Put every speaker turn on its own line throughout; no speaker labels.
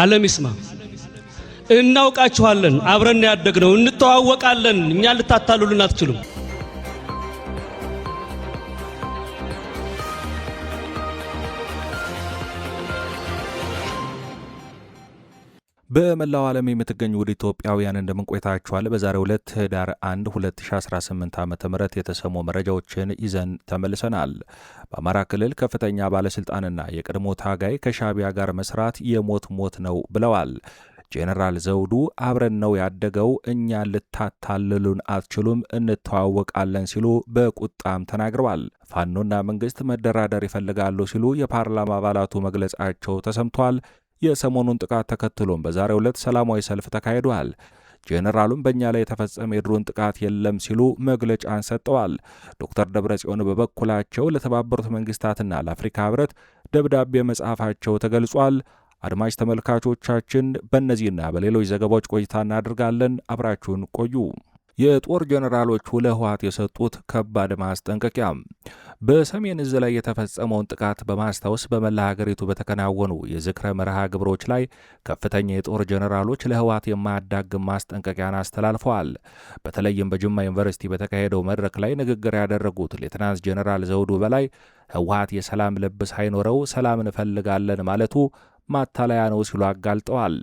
ዓለም ይስማ። እናውቃችኋለን፣ አብረን ያደግነው፣ እንተዋወቃለን። እኛ ልታታሉልን አትችሉም።
በመላው ዓለም የምትገኙ ወደ ኢትዮጵያውያን እንደምን ቆይታችኋል? በዛሬው ዕለት ህዳር 1 2018 ዓ ም የተሰሙ መረጃዎችን ይዘን ተመልሰናል። በአማራ ክልል ከፍተኛ ባለሥልጣንና የቀድሞ ታጋይ ከሻቢያ ጋር መስራት የሞት ሞት ነው ብለዋል። ጄኔራል ዘውዱ አብረን ነው ያደገው፣ እኛን ልታታልሉን አትችሉም፣ እንተዋወቃለን ሲሉ በቁጣም ተናግረዋል። ፋኖና መንግሥት መደራደር ይፈልጋሉ ሲሉ የፓርላማ አባላቱ መግለጻቸው ተሰምቷል። የሰሞኑን ጥቃት ተከትሎም በዛሬው ዕለት ሰላማዊ ሰልፍ ተካሂዷል። ጄኔራሉም በእኛ ላይ የተፈጸመ የድሮን ጥቃት የለም ሲሉ መግለጫን ሰጥተዋል። ዶክተር ደብረጽዮን በበኩላቸው ለተባበሩት መንግስታትና ለአፍሪካ ህብረት ደብዳቤ መጽሐፋቸው ተገልጿል። አድማጭ ተመልካቾቻችን፣ በእነዚህና በሌሎች ዘገባዎች ቆይታ እናደርጋለን። አብራችሁን ቆዩ። የጦር ጀነራሎች ለህወሓት የሰጡት ከባድ ማስጠንቀቂያ በሰሜን እዝ ላይ የተፈጸመውን ጥቃት በማስታወስ በመላ ሀገሪቱ በተከናወኑ የዝክረ መርሃ ግብሮች ላይ ከፍተኛ የጦር ጀኔራሎች ለህወሓት የማያዳግም ማስጠንቀቂያን አስተላልፈዋል። በተለይም በጅማ ዩኒቨርሲቲ በተካሄደው መድረክ ላይ ንግግር ያደረጉት ሌትናንት ጀኔራል ዘውዱ በላይ ህወሓት የሰላም ልብስ አይኖረው ሰላም እንፈልጋለን ማለቱ ማታለያ ነው ሲሉ አጋልጠዋል።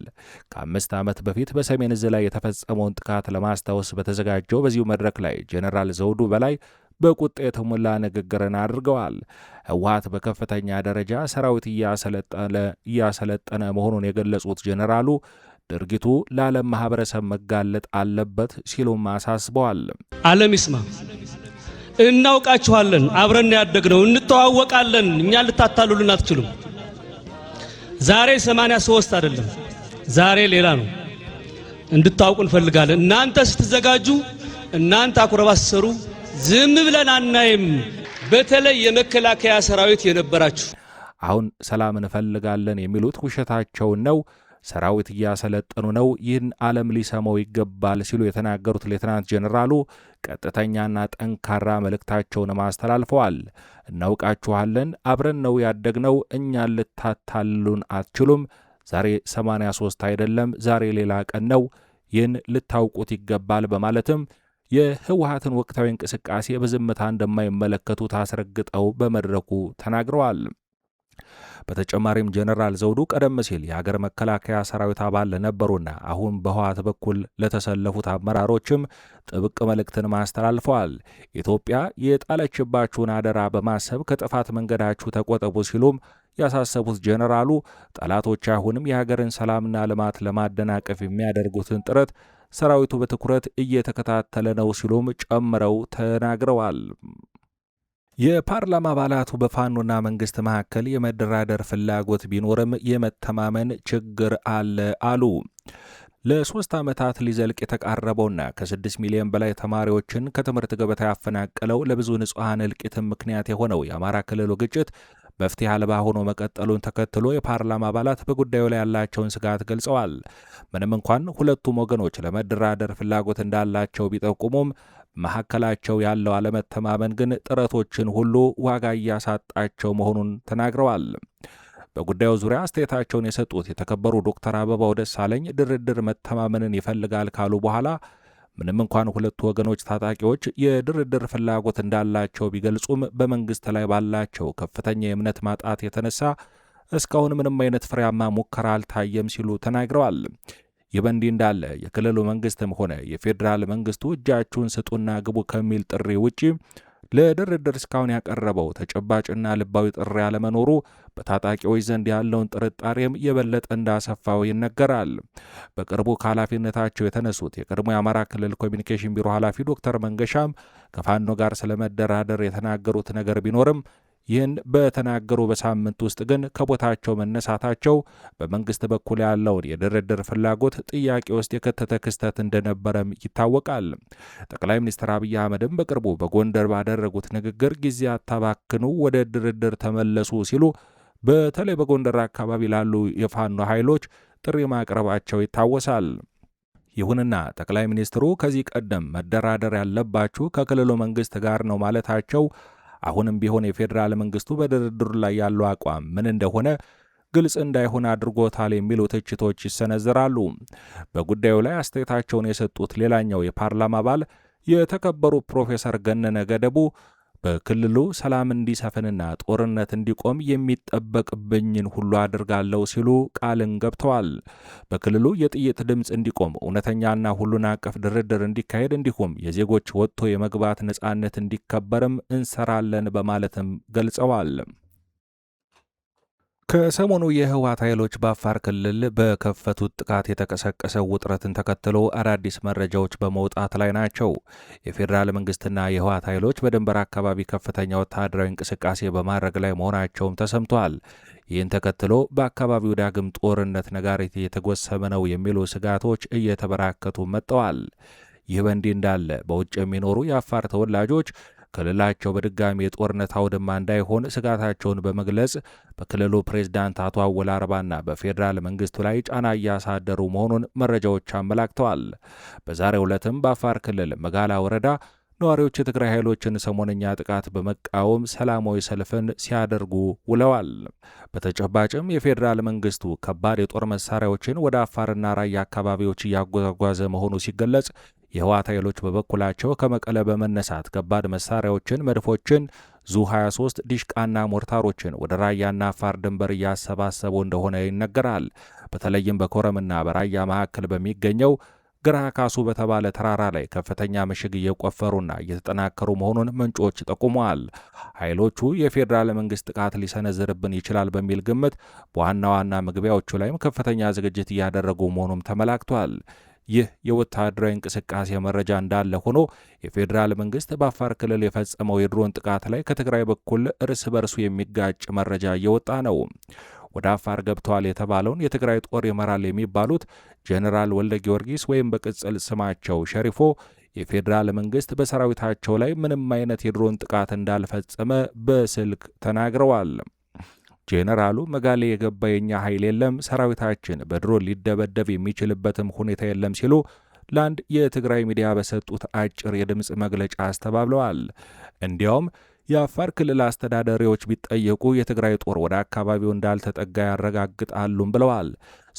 ከአምስት ዓመት በፊት በሰሜን ዕዝ ላይ የተፈጸመውን ጥቃት ለማስታወስ በተዘጋጀው በዚሁ መድረክ ላይ ጄኔራል ዘውዱ በላይ በቁጣ የተሞላ ንግግርን አድርገዋል። ህወሀት በከፍተኛ ደረጃ ሰራዊት እያሰለጠነ መሆኑን የገለጹት ጄኔራሉ ድርጊቱ ለዓለም ማህበረሰብ መጋለጥ አለበት ሲሉም አሳስበዋል።
ዓለም ይስማ፣ እናውቃችኋለን፣ አብረን ያደግነው እንተዋወቃለን፣ እኛ ልታታሉልን አትችሉም። ዛሬ 83 አይደለም፣ ዛሬ ሌላ ነው። እንድታውቁ እንፈልጋለን። እናንተ ስትዘጋጁ፣ እናንተ አኩረባሰሩ ዝም ብለን አናይም። በተለይ የመከላከያ ሰራዊት የነበራችሁ
አሁን ሰላም እንፈልጋለን የሚሉት ውሸታቸውን ነው። ሰራዊት እያሰለጠኑ ነው፣ ይህን ዓለም ሊሰማው ይገባል ሲሉ የተናገሩት ሌትናንት ጄኔራሉ ቀጥተኛና ጠንካራ መልእክታቸውንም አስተላልፈዋል። እናውቃችኋለን፣ አብረን ነው ያደግነው፣ እኛን ልታታሉን አትችሉም። ዛሬ 83 አይደለም፣ ዛሬ ሌላ ቀን ነው። ይህን ልታውቁት ይገባል በማለትም የህወሀትን ወቅታዊ እንቅስቃሴ በዝምታ እንደማይመለከቱት አስረግጠው በመድረኩ ተናግረዋል። በተጨማሪም ጀነራል ዘውዱ ቀደም ሲል የሀገር መከላከያ ሰራዊት አባል ለነበሩና አሁን በህወሓት በኩል ለተሰለፉት አመራሮችም ጥብቅ መልእክትን አስተላልፈዋል። ኢትዮጵያ የጣለችባችሁን አደራ በማሰብ ከጥፋት መንገዳችሁ ተቆጠቡ ሲሉም ያሳሰቡት ጀነራሉ ጠላቶች አሁንም የሀገርን ሰላምና ልማት ለማደናቀፍ የሚያደርጉትን ጥረት ሰራዊቱ በትኩረት እየተከታተለ ነው ሲሉም ጨምረው ተናግረዋል። የፓርላማ አባላቱ በፋኖና መንግስት መካከል የመደራደር ፍላጎት ቢኖርም የመተማመን ችግር አለ አሉ። ለሶስት ዓመታት ሊዘልቅ የተቃረበውና ከ ከ6 ሚሊዮን በላይ ተማሪዎችን ከትምህርት ገበታ ያፈናቀለው ለብዙ ንጹሐን እልቂትም ምክንያት የሆነው የአማራ ክልሉ ግጭት መፍትሄ አልባ ሆኖ መቀጠሉን ተከትሎ የፓርላማ አባላት በጉዳዩ ላይ ያላቸውን ስጋት ገልጸዋል። ምንም እንኳን ሁለቱም ወገኖች ለመደራደር ፍላጎት እንዳላቸው ቢጠቁሙም መካከላቸው ያለው አለመተማመን ግን ጥረቶችን ሁሉ ዋጋ እያሳጣቸው መሆኑን ተናግረዋል። በጉዳዩ ዙሪያ አስተያየታቸውን የሰጡት የተከበሩ ዶክተር አበባው ደሳለኝ ድርድር መተማመንን ይፈልጋል ካሉ በኋላ ምንም እንኳን ሁለቱ ወገኖች ታጣቂዎች የድርድር ፍላጎት እንዳላቸው ቢገልጹም በመንግሥት ላይ ባላቸው ከፍተኛ የእምነት ማጣት የተነሳ እስካሁን ምንም አይነት ፍሬያማ ሙከራ አልታየም ሲሉ ተናግረዋል። ይህ በእንዲህ እንዳለ የክልሉ መንግስትም ሆነ የፌዴራል መንግስቱ እጃችሁን ስጡና ግቡ ከሚል ጥሪ ውጪ ለድርድር እስካሁን ያቀረበው ተጨባጭና ልባዊ ጥሪ አለመኖሩ በታጣቂዎች ዘንድ ያለውን ጥርጣሬም የበለጠ እንዳሰፋው ይነገራል። በቅርቡ ከኃላፊነታቸው የተነሱት የቀድሞ የአማራ ክልል ኮሚኒኬሽን ቢሮ ኃላፊ ዶክተር መንገሻም ከፋኖ ጋር ስለመደራደር የተናገሩት ነገር ቢኖርም ይህን በተናገሩ በሳምንት ውስጥ ግን ከቦታቸው መነሳታቸው በመንግስት በኩል ያለውን የድርድር ፍላጎት ጥያቄ ውስጥ የከተተ ክስተት እንደነበረም ይታወቃል። ጠቅላይ ሚኒስትር አብይ አህመድም በቅርቡ በጎንደር ባደረጉት ንግግር ጊዜ አታባክኑ፣ ወደ ድርድር ተመለሱ ሲሉ በተለይ በጎንደር አካባቢ ላሉ የፋኖ ኃይሎች ጥሪ ማቅረባቸው ይታወሳል። ይሁንና ጠቅላይ ሚኒስትሩ ከዚህ ቀደም መደራደር ያለባችሁ ከክልሉ መንግስት ጋር ነው ማለታቸው አሁንም ቢሆን የፌዴራል መንግስቱ በድርድሩ ላይ ያለው አቋም ምን እንደሆነ ግልጽ እንዳይሆን አድርጎታል የሚሉ ትችቶች ይሰነዝራሉ። በጉዳዩ ላይ አስተያየታቸውን የሰጡት ሌላኛው የፓርላማ አባል የተከበሩ ፕሮፌሰር ገነነ ገደቡ በክልሉ ሰላም እንዲሰፍንና ጦርነት እንዲቆም የሚጠበቅብኝን ሁሉ አድርጋለሁ ሲሉ ቃልን ገብተዋል። በክልሉ የጥይት ድምፅ እንዲቆም እውነተኛና ሁሉን አቀፍ ድርድር እንዲካሄድ እንዲሁም የዜጎች ወጥቶ የመግባት ነፃነት እንዲከበርም እንሰራለን በማለትም ገልጸዋል። ከሰሞኑ የህወሓት ኃይሎች በአፋር ክልል በከፈቱት ጥቃት የተቀሰቀሰ ውጥረትን ተከትሎ አዳዲስ መረጃዎች በመውጣት ላይ ናቸው። የፌዴራል መንግስትና የህወሓት ኃይሎች በድንበር አካባቢ ከፍተኛ ወታደራዊ እንቅስቃሴ በማድረግ ላይ መሆናቸውም ተሰምቷል። ይህን ተከትሎ በአካባቢው ዳግም ጦርነት ነጋሪት እየተጎሰመ ነው የሚሉ ስጋቶች እየተበራከቱ መጥተዋል። ይህ በእንዲህ እንዳለ በውጭ የሚኖሩ የአፋር ተወላጆች ክልላቸው በድጋሚ የጦርነት አውድማ እንዳይሆን ስጋታቸውን በመግለጽ በክልሉ ፕሬዝዳንት አቶ አወል አርባና በፌዴራል መንግስቱ ላይ ጫና እያሳደሩ መሆኑን መረጃዎች አመላክተዋል። በዛሬው ዕለትም በአፋር ክልል መጋላ ወረዳ ነዋሪዎች የትግራይ ኃይሎችን ሰሞነኛ ጥቃት በመቃወም ሰላማዊ ሰልፍን ሲያደርጉ ውለዋል። በተጨባጭም የፌዴራል መንግስቱ ከባድ የጦር መሳሪያዎችን ወደ አፋርና ራያ አካባቢዎች እያጓጓዘ መሆኑ ሲገለጽ የህወሓት ኃይሎች በበኩላቸው ከመቀለ በመነሳት ከባድ መሳሪያዎችን፣ መድፎችን፣ ዙ 23 ዲሽቃና ሞርታሮችን ወደ ራያና አፋር ድንበር እያሰባሰቡ እንደሆነ ይነገራል። በተለይም በኮረምና በራያ መካከል በሚገኘው ግራ ካሱ በተባለ ተራራ ላይ ከፍተኛ ምሽግ እየቆፈሩና እየተጠናከሩ መሆኑን ምንጮች ጠቁመዋል። ኃይሎቹ የፌዴራል መንግስት ጥቃት ሊሰነዝርብን ይችላል በሚል ግምት በዋና ዋና መግቢያዎቹ ላይም ከፍተኛ ዝግጅት እያደረጉ መሆኑም ተመላክቷል። ይህ የወታደራዊ እንቅስቃሴ መረጃ እንዳለ ሆኖ የፌዴራል መንግስት በአፋር ክልል የፈጸመው የድሮን ጥቃት ላይ ከትግራይ በኩል እርስ በርሱ የሚጋጭ መረጃ እየወጣ ነው። ወደ አፋር ገብተዋል የተባለውን የትግራይ ጦር ይመራል የሚባሉት ጄኔራል ወልደ ጊዮርጊስ ወይም በቅጽል ስማቸው ሸሪፎ የፌዴራል መንግስት በሰራዊታቸው ላይ ምንም አይነት የድሮን ጥቃት እንዳልፈጸመ በስልክ ተናግረዋል። ጄኔራሉ መጋሌ የገባ የኛ ኃይል የለም፣ ሰራዊታችን በድሮን ሊደበደብ የሚችልበትም ሁኔታ የለም ሲሉ ለአንድ የትግራይ ሚዲያ በሰጡት አጭር የድምፅ መግለጫ አስተባብለዋል። እንዲያውም የአፋር ክልል አስተዳዳሪዎች ቢጠየቁ የትግራይ ጦር ወደ አካባቢው እንዳልተጠጋ ያረጋግጣሉም ብለዋል።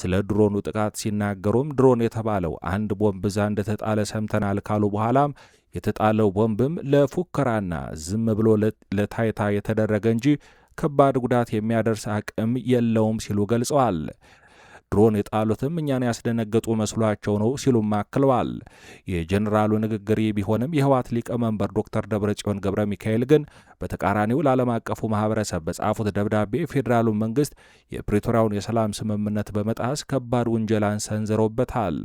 ስለ ድሮኑ ጥቃት ሲናገሩም ድሮን የተባለው አንድ ቦምብ እዛ እንደተጣለ ሰምተናል ካሉ በኋላም የተጣለው ቦምብም ለፉከራና ዝም ብሎ ለታይታ የተደረገ እንጂ ከባድ ጉዳት የሚያደርስ አቅም የለውም ሲሉ ገልጸዋል። ድሮን የጣሉትም እኛን ያስደነገጡ መስሏቸው ነው ሲሉም አክለዋል። የጀኔራሉ ንግግር ቢሆንም የህወሓት ሊቀመንበር ዶክተር ደብረጽዮን ገብረ ሚካኤል ግን በተቃራኒው ለዓለም አቀፉ ማህበረሰብ በጻፉት ደብዳቤ የፌዴራሉ መንግስት የፕሪቶሪያውን የሰላም ስምምነት በመጣስ ከባድ ውንጀላን ሰንዝሮበታል።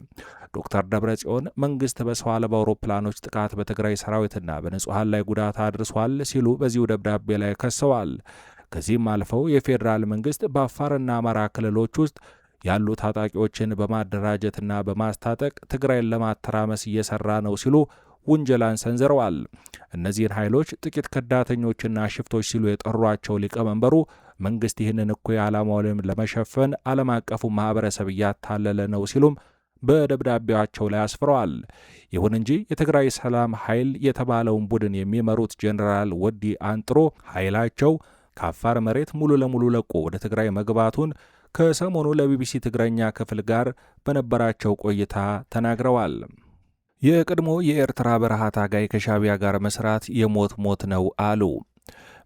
ዶክተር ደብረጽዮን መንግስት በሰው አልባ አውሮፕላኖች ጥቃት በትግራይ ሰራዊትና በንጹሐን ላይ ጉዳት አድርሷል ሲሉ በዚሁ ደብዳቤ ላይ ከሰዋል። ከዚህም አልፈው የፌዴራል መንግስት በአፋርና አማራ ክልሎች ውስጥ ያሉ ታጣቂዎችን በማደራጀትና በማስታጠቅ ትግራይን ለማተራመስ እየሰራ ነው ሲሉ ውንጀላን ሰንዝረዋል። እነዚህን ኃይሎች ጥቂት ከዳተኞችና ሽፍቶች ሲሉ የጠሯቸው ሊቀመንበሩ መንግስት ይህንን እኩይ ዓላማውንም ለመሸፈን ዓለም አቀፉ ማኅበረሰብ እያታለለ ነው ሲሉም በደብዳቤያቸው ላይ አስፍረዋል። ይሁን እንጂ የትግራይ ሰላም ኃይል የተባለውን ቡድን የሚመሩት ጄኔራል ወዲ አንጥሮ ኃይላቸው ከአፋር መሬት ሙሉ ለሙሉ ለቆ ወደ ትግራይ መግባቱን ከሰሞኑ ለቢቢሲ ትግረኛ ክፍል ጋር በነበራቸው ቆይታ ተናግረዋል። የቀድሞ የኤርትራ በረሃ ታጋይ ከሻቢያ ጋር መስራት የሞት ሞት ነው አሉ።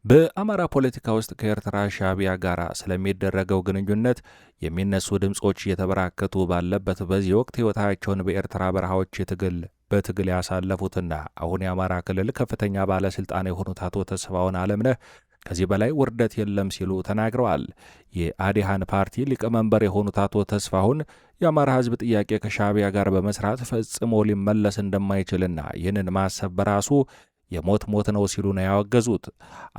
በአማራ ፖለቲካ ውስጥ ከኤርትራ ሻቢያ ጋር ስለሚደረገው ግንኙነት የሚነሱ ድምፆች እየተበራከቱ ባለበት በዚህ ወቅት ሕይወታቸውን በኤርትራ በረሃዎች የትግል በትግል ያሳለፉትና አሁን የአማራ ክልል ከፍተኛ ባለሥልጣን የሆኑት አቶ ተስፋውን አለምነህ ከዚህ በላይ ውርደት የለም ሲሉ ተናግረዋል። የአዲሃን ፓርቲ ሊቀመንበር የሆኑት አቶ ተስፋሁን የአማራ ሕዝብ ጥያቄ ከሻቢያ ጋር በመስራት ፈጽሞ ሊመለስ እንደማይችልና ይህንን ማሰብ በራሱ የሞት ሞት ነው ሲሉ ነው ያወገዙት።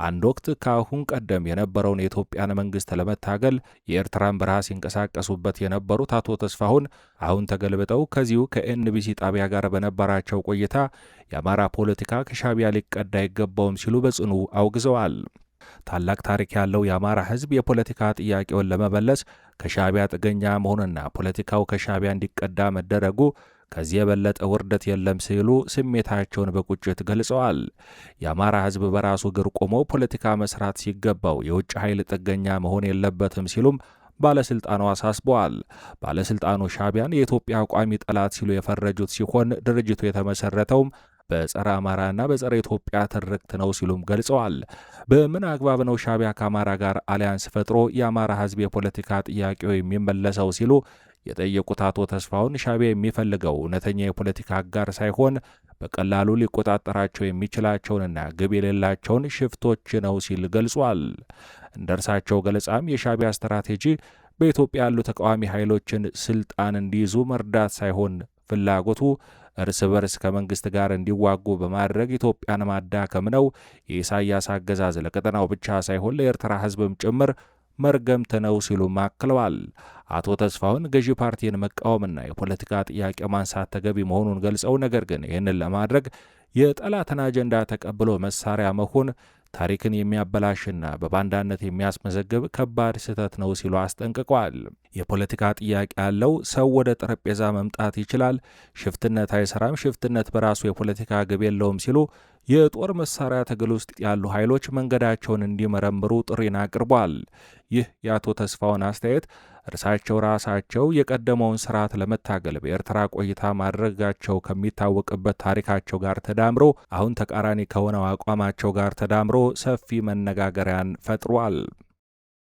አንድ ወቅት ከአሁን ቀደም የነበረውን የኢትዮጵያን መንግስት ለመታገል የኤርትራን በረሃ ሲንቀሳቀሱበት የነበሩት አቶ ተስፋሁን አሁን ተገልብጠው ከዚሁ ከኤንቢሲ ጣቢያ ጋር በነበራቸው ቆይታ የአማራ ፖለቲካ ከሻቢያ ሊቀዳ አይገባውም ሲሉ በጽኑ አውግዘዋል። ታላቅ ታሪክ ያለው የአማራ ህዝብ የፖለቲካ ጥያቄውን ለመመለስ ከሻቢያ ጥገኛ መሆንና ፖለቲካው ከሻቢያ እንዲቀዳ መደረጉ ከዚህ የበለጠ ውርደት የለም ሲሉ ስሜታቸውን በቁጭት ገልጸዋል። የአማራ ሕዝብ በራሱ እግር ቆሞ ፖለቲካ መስራት ሲገባው የውጭ ኃይል ጥገኛ መሆን የለበትም ሲሉም ባለስልጣኑ አሳስበዋል። ባለስልጣኑ ሻቢያን የኢትዮጵያ ቋሚ ጠላት ሲሉ የፈረጁት ሲሆን ድርጅቱ የተመሰረተውም በጸረ አማራና በጸረ ኢትዮጵያ ትርክት ነው ሲሉም ገልጸዋል። በምን አግባብ ነው ሻቢያ ከአማራ ጋር አሊያንስ ፈጥሮ የአማራ ሕዝብ የፖለቲካ ጥያቄው የሚመለሰው ሲሉ የጠየቁት አቶ ተስፋውን ሻቢያ የሚፈልገው እውነተኛ የፖለቲካ አጋር ሳይሆን በቀላሉ ሊቆጣጠራቸው የሚችላቸውንና ግብ የሌላቸውን ሽፍቶች ነው ሲል ገልጿል። እንደ እርሳቸው ገለጻም የሻቢያ ስትራቴጂ በኢትዮጵያ ያሉ ተቃዋሚ ኃይሎችን ስልጣን እንዲይዙ መርዳት ሳይሆን ፍላጎቱ እርስ በርስ ከመንግስት ጋር እንዲዋጉ በማድረግ ኢትዮጵያን ማዳከም ነው። የኢሳያስ አገዛዝ ለቀጠናው ብቻ ሳይሆን ለኤርትራ ህዝብም ጭምር መርገምት ነው ሲሉም አክለዋል። አቶ ተስፋሁን ገዢ ፓርቲን መቃወምና የፖለቲካ ጥያቄ ማንሳት ተገቢ መሆኑን ገልጸው ነገር ግን ይህንን ለማድረግ የጠላትን አጀንዳ ተቀብሎ መሳሪያ መሆን ታሪክን የሚያበላሽና በባንዳነት የሚያስመዘግብ ከባድ ስህተት ነው ሲሉ አስጠንቅቋል። የፖለቲካ ጥያቄ ያለው ሰው ወደ ጠረጴዛ መምጣት ይችላል፣ ሽፍትነት አይሰራም፣ ሽፍትነት በራሱ የፖለቲካ ግብ የለውም ሲሉ የጦር መሳሪያ ትግል ውስጥ ያሉ ኃይሎች መንገዳቸውን እንዲመረምሩ ጥሪን አቅርቧል። ይህ የአቶ ተስፋውን አስተያየት እርሳቸው ራሳቸው የቀደመውን ስርዓት ለመታገል በኤርትራ ቆይታ ማድረጋቸው ከሚታወቅበት ታሪካቸው ጋር ተዳምሮ አሁን ተቃራኒ ከሆነው አቋማቸው ጋር ተዳምሮ ሰፊ መነጋገሪያን ፈጥሯል።